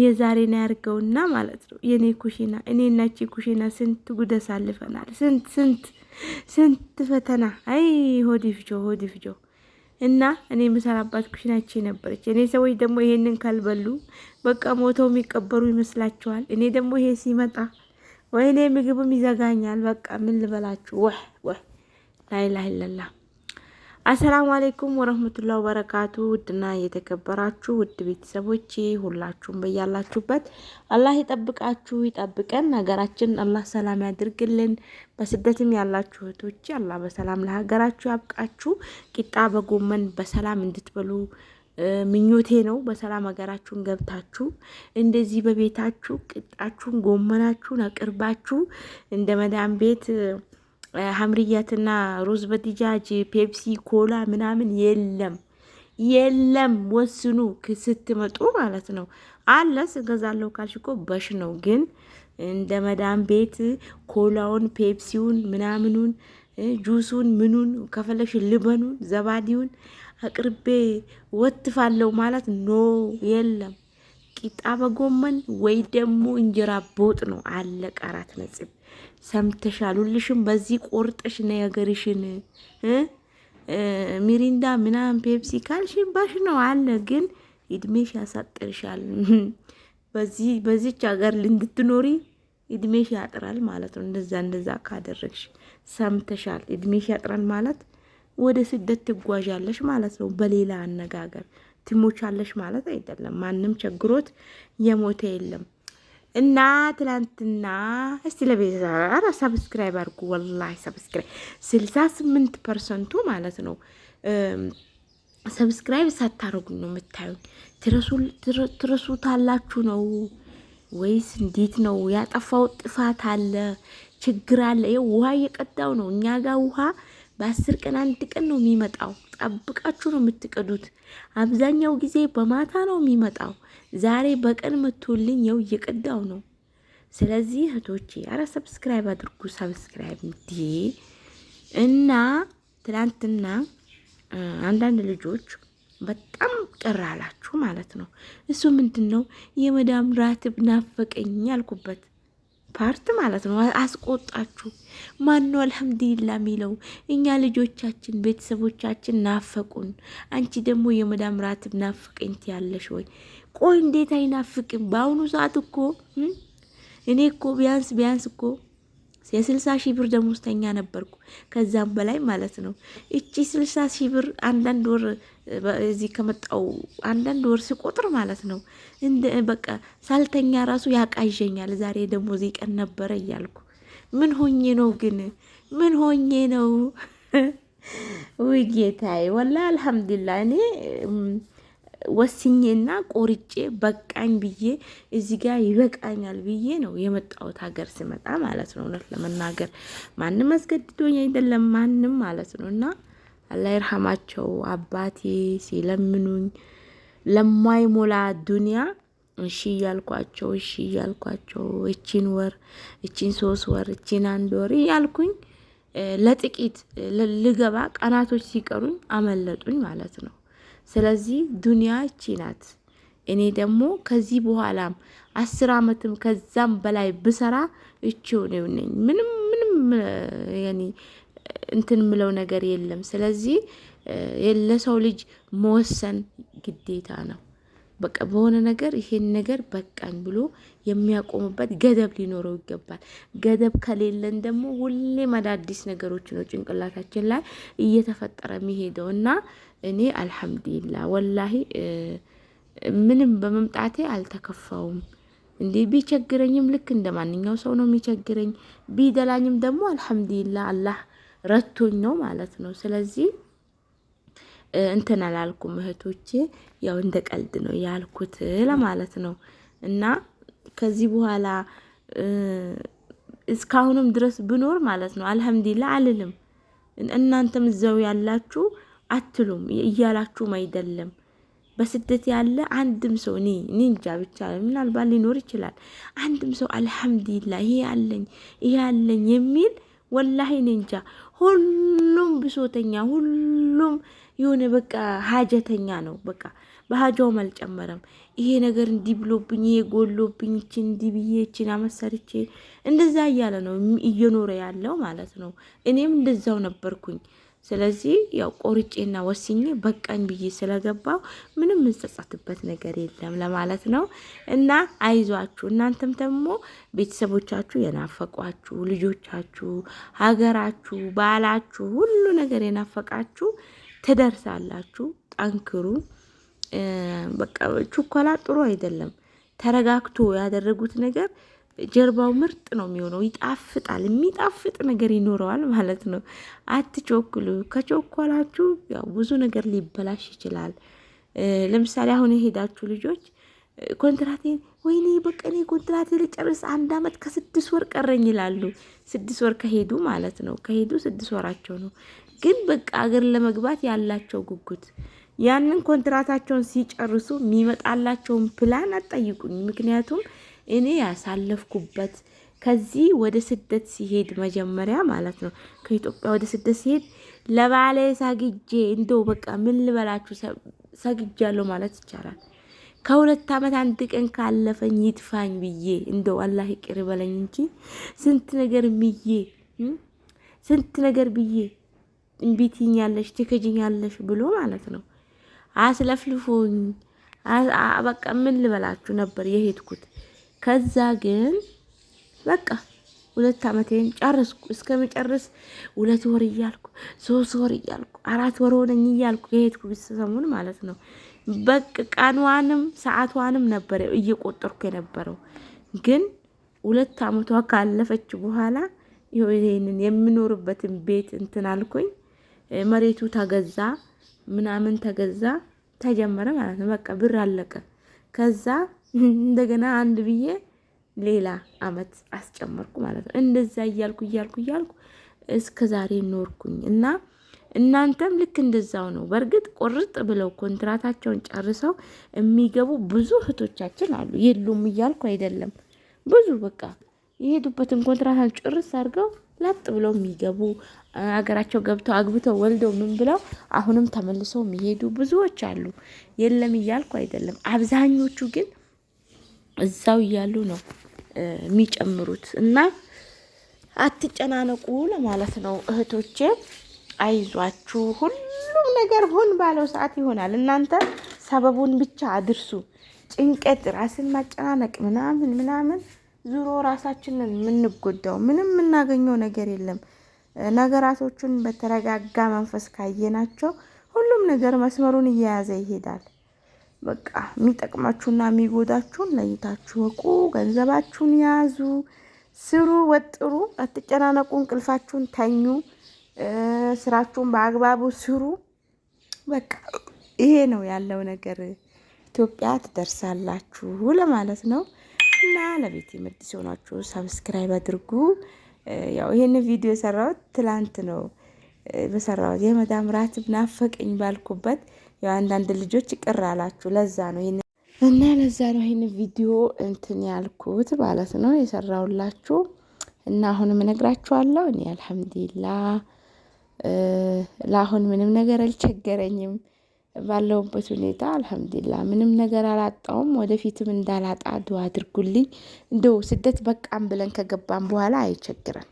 የዛሬን ያርገውና ማለት ነው። የኔ ኩሽና እኔ እናቺ ኩሽና ስንት ጉድ አሳልፈናል። ስንት ስንት ስንት ፈተና። አይ ሆዲፍ ይፍጆ እና እኔ የምሰራባት ኩሽናች ነበረች። እኔ ሰዎች ደግሞ ይሄንን ካልበሉ በቃ ሞተው የሚቀበሩ ይመስላችኋል። እኔ ደግሞ ይሄ ሲመጣ ወይኔ ምግብም ይዘጋኛል። በቃ ምን ልበላችሁ? ወህ ወህ ለላ አሰላሙ አሌይኩም ወረህመቱላ ወበረካቱ። ውድና የተከበራችሁ ውድ ቤተሰቦች ሁላችሁም በያላችሁበት አላህ ይጠብቃችሁ ይጠብቀን። ሀገራችን አላህ ሰላም ያድርግልን። በስደትም ያላችሁ እህቶች አላህ በሰላም ለሀገራችሁ ያብቃችሁ። ቂጣ በጎመን በሰላም እንድትበሉ ምኞቴ ነው። በሰላም ሀገራችሁን ገብታችሁ እንደዚህ በቤታችሁ ቂጣችሁን ጎመናችሁን አቅርባችሁ እንደ መዳም ቤት ሀምርያትና ሮዝ በዲጃጅ ፔፕሲ ኮላ ምናምን የለም የለም። ወስኑ ስትመጡ ማለት ነው። አለ ስገዛለሁ ካልሽ እኮ በሽ ነው። ግን እንደ መዳም ቤት ኮላውን፣ ፔፕሲውን፣ ምናምኑን፣ ጁሱን፣ ምኑን ከፈለሽ ልበኑን፣ ዘባዲውን አቅርቤ ወትፋለው ማለት ኖ የለም። ቂጣ በጎመን ወይ ደግሞ እንጀራ ቦጥ ነው። አለቀ አራት ሰምተሻል። ሁልሽም በዚህ ቆርጠሽ ነ የሀገርሽን ሚሪንዳ ምናምን ፔፕሲ ካልሽን ባሽ ነው አለ። ግን እድሜሽ ያሳጥርሻል። በዚች ሀገር እንድትኖሪ እድሜሽ ያጥራል ማለት ነው። እንደዛ እንደዛ ካደረግሽ ሰምተሻል። እድሜሽ ያጥራል ማለት ወደ ስደት ትጓዣለሽ ማለት ነው። በሌላ አነጋገር ትሞቻለሽ ማለት አይደለም። ማንም ቸግሮት የሞተ የለም። እና ትላንትና እስቲ ለቤዛ ኧረ ሰብስክራይብ አድርጉ። ወላሂ ሰብስክራይብ ስልሳ ስምንት ፐርሰንቱ ማለት ነው ሰብስክራይብ ሳታደርጉኝ ነው የምታዩኝ። ትረሱታላችሁ ነው ወይስ እንዴት ነው? ያጠፋው ጥፋት አለ ችግር አለ። ውሃ እየቀዳው ነው እኛ ጋር ውሃ በአስር ቀን አንድ ቀን ነው የሚመጣው። ጠብቃችሁ ነው የምትቀዱት። አብዛኛው ጊዜ በማታ ነው የሚመጣው። ዛሬ በቀን መቶልኝ የው እየቀዳው ነው። ስለዚህ እህቶቼ አረ ሰብስክራይብ አድርጉ። ሰብስክራይብ እንዲ እና ትናንትና አንዳንድ ልጆች በጣም ቅር አላችሁ ማለት ነው። እሱ ምንድን ነው የመዳም ራትብ ናፈቀኝ ያልኩበት ፓርት ማለት ነው። አስቆጣችሁ ማን ነው? አልሐምዱሊላ የሚለው እኛ ልጆቻችን፣ ቤተሰቦቻችን ናፈቁን። አንቺ ደግሞ የመዳም ራትብ ናፍቀኝ ትያለሽ ወይ? ቆይ እንዴት አይናፍቅም? በአሁኑ ሰዓት እኮ እኔ እኮ ቢያንስ ቢያንስ እኮ የስልሳ ሺህ ብር ደሞዝተኛ ነበርኩ፣ ከዛም በላይ ማለት ነው። እቺ ስልሳ ሺህ ብር አንዳንድ ወር እዚህ ከመጣው አንዳንድ ወር ስቆጥር ማለት ነው በቃ ሳልተኛ ራሱ ያቃዠኛል። ዛሬ ደሞዝ ቀን ነበረ እያልኩ ምን ሆኜ ነው ግን ምን ሆኜ ነው? ውይ ጌታዬ፣ ወላ አልሐምዱሊላህ እኔ ወስኜና ቆርጬ በቃኝ ብዬ እዚ ጋ ይበቃኛል ብዬ ነው የመጣሁት ሀገር ስመጣ ማለት ነው። እውነት ለመናገር ማንም አስገድዶኝ አይደለም፣ ማንም ማለት ነው። እና አላህ ይርሃማቸው አባቴ ሲለምኑኝ ለማይሞላ ዱንያ እሺ እያልኳቸው እሺ እያልኳቸው እቺን ወር እቺን ሶስት ወር እቺን አንድ ወር እያልኩኝ ለጥቂት ልገባ ቀናቶች ሲቀሩኝ አመለጡኝ ማለት ነው። ስለዚህ ዱንያ እቺ ናት። እኔ ደግሞ ከዚህ በኋላም አስር አመትም ከዛም በላይ ብሰራ እችው ነው ነኝ። ምንም ምንም እንትን ምለው ነገር የለም። ስለዚህ ለሰው ልጅ መወሰን ግዴታ ነው። በቃ በሆነ ነገር ይሄን ነገር በቃኝ ብሎ የሚያቆምበት ገደብ ሊኖረው ይገባል። ገደብ ከሌለን ደግሞ ሁሌም አዳዲስ ነገሮች ነው ጭንቅላታችን ላይ እየተፈጠረ የሚሄደው እና እኔ አልሐምዱሊላ ወላሂ ምንም በመምጣቴ አልተከፋውም። እንዲህ ቢቸግረኝም ልክ እንደ ማንኛው ሰው ነው የሚቸግረኝ። ቢደላኝም ደግሞ አልሐምዱሊላ አላህ ረቶኝ ነው ማለት ነው። ስለዚህ እንትን አላልኩም እህቶቼ፣ ያው እንደ ቀልድ ነው ያልኩት ለማለት ነው። እና ከዚህ በኋላ እስካሁንም ድረስ ብኖር ማለት ነው አልሐምዱሊላ አልልም። እናንተም እዛው ያላችሁ አትሉም እያላችሁም አይደለም። በስደት ያለ አንድም ሰው እኔ እኔ እንጃ ብቻ ምናልባት ሊኖር ይችላል። አንድም ሰው አልሐምዱሊላ ይሄ ያለኝ ይሄ ያለኝ የሚል ወላሂ እኔ እንጃ። ሁሉም ብሶተኛ ሁሉም የሆነ በቃ ሀጀተኛ ነው። በቃ በሀጃውም አልጨመረም። ይሄ ነገር እንዲህ ብሎብኝ፣ ይሄ ጎሎብኝ፣ ይችን እንዲህ ብዬ ይችን አመሰርቼ እንደዛ እያለ ነው እየኖረ ያለው ማለት ነው። እኔም እንደዛው ነበርኩኝ። ስለዚህ ያው ቆርጬና ወስኜ በቃኝ ብዬ ስለገባው ምንም እንጸጸትበት ነገር የለም ለማለት ነው። እና አይዟችሁ፣ እናንተም ደግሞ ቤተሰቦቻችሁ የናፈቋችሁ፣ ልጆቻችሁ፣ ሀገራችሁ፣ ባላችሁ፣ ሁሉ ነገር የናፈቃችሁ ትደርሳላችሁ። ጠንክሩ። በቃ ችኮላ ጥሩ አይደለም። ተረጋግቶ ያደረጉት ነገር ጀርባው ምርጥ ነው የሚሆነው። ይጣፍጣል፣ የሚጣፍጥ ነገር ይኖረዋል ማለት ነው። አትቾክሉ። ከቾኮላችሁ ያው ብዙ ነገር ሊበላሽ ይችላል። ለምሳሌ አሁን የሄዳችሁ ልጆች ኮንትራቴን ወይኔ በቃ እኔ ኮንትራቴ ልጨርስ አንድ አመት ከስድስት ወር ቀረኝ ይላሉ። ስድስት ወር ከሄዱ ማለት ነው። ከሄዱ ስድስት ወራቸው ነው። ግን በቃ አገር ለመግባት ያላቸው ጉጉት ያንን ኮንትራታቸውን ሲጨርሱ የሚመጣላቸውን ፕላን አጠይቁኝ። ምክንያቱም እኔ ያሳለፍኩበት ከዚህ ወደ ስደት ሲሄድ መጀመሪያ ማለት ነው ከኢትዮጵያ ወደ ስደት ሲሄድ ለባሌ ሳግጄ እንደው በቃ ምን ልበላችሁ ሳግጃለሁ ማለት ይቻላል። ከሁለት ዓመት አንድ ቀን ካለፈኝ ይጥፋኝ ብዬ እንደው አላህ ይቅር በለኝ እንጂ ስንት ነገር ብዬ ስንት ነገር ብዬ እንቢትኛለሽ ትክጅኛለሽ ብሎ ማለት ነው። አስለፍልፎኝ በቃ ምን ልበላችሁ ነበር የሄድኩት። ከዛ ግን በቃ ሁለት ዓመቴን ጨርስኩ። እስከመጨረስ ሁለት ወር እያልኩ ሶስት ወር እያልኩ አራት ወር ሆነኝ እያልኩ የሄድኩ ቢሰሙን ማለት ነው። በቅ ቀኗንም ሰዓቷንም ነበር እየቆጠርኩ የነበረው ግን ሁለት ዓመቷ ካለፈች በኋላ ይሄንን የምኖርበትን ቤት እንትን አልኩኝ። መሬቱ ተገዛ ምናምን ተገዛ ተጀመረ ማለት ነው። በቃ ብር አለቀ። ከዛ እንደገና አንድ ብዬ ሌላ አመት አስጨመርኩ ማለት ነው። እንደዛ እያልኩ እያልኩ እያልኩ እስከ ዛሬ ኖርኩኝ እና እናንተም ልክ እንደዛው ነው። በእርግጥ ቁርጥ ብለው ኮንትራታቸውን ጨርሰው የሚገቡ ብዙ እህቶቻችን አሉ። የሉም እያልኩ አይደለም። ብዙ በቃ የሄዱበትን ኮንትራታቸውን ጭርስ አድርገው ለጥ ብለው የሚገቡ ሀገራቸው ገብተው አግብተው ወልደው ምን ብለው አሁንም ተመልሰው የሚሄዱ ብዙዎች አሉ። የለም እያልኩ አይደለም። አብዛኞቹ ግን እዛው እያሉ ነው የሚጨምሩት እና አትጨናነቁ ለማለት ነው እህቶቼ። አይዟችሁ፣ ሁሉም ነገር ሆን ባለው ሰዓት ይሆናል። እናንተ ሰበቡን ብቻ አድርሱ። ጭንቀት፣ ራስን ማጨናነቅ ምናምን ምናምን ዙሮ ራሳችንን የምንጎዳው ምንም የምናገኘው ነገር የለም። ነገራቶቹን በተረጋጋ መንፈስ ካየናቸው ሁሉም ነገር መስመሩን እየያዘ ይሄዳል። በቃ የሚጠቅማችሁና የሚጎዳችሁን ለይታችሁ እቁ። ገንዘባችሁን ያዙ፣ ስሩ፣ ወጥሩ፣ አትጨናነቁ። እንቅልፋችሁን ተኙ፣ ስራችሁን በአግባቡ ስሩ። በቃ ይሄ ነው ያለው ነገር። ኢትዮጵያ ትደርሳላችሁ ለማለት ነው። እና ለቤት ምርጥ ሲሆናችሁ ሰብስክራይብ አድርጉ። ያው ይህን ቪዲዮ የሰራሁት ትላንት ነው በሰራሁት የመዳም ራት ናፈቀኝ ባልኩበት ያው አንዳንድ ልጆች ቅር አላችሁ። ለዛ ነው ይህን እና ለዛ ነው ይህን ቪዲዮ እንትን ያልኩት ማለት ነው የሰራሁላችሁ እና አሁንም እነግራችኋለሁ። እኔ አልሐምዱሊላህ ለአሁን ምንም ነገር አልቸገረኝም። ባለሁበት ሁኔታ አልሐምዱሊላ ምንም ነገር አላጣውም። ወደፊትም እንዳላጣ ዱዓ አድርጉልኝ። እንደው ስደት በቃም ብለን ከገባም በኋላ አይቸግረን።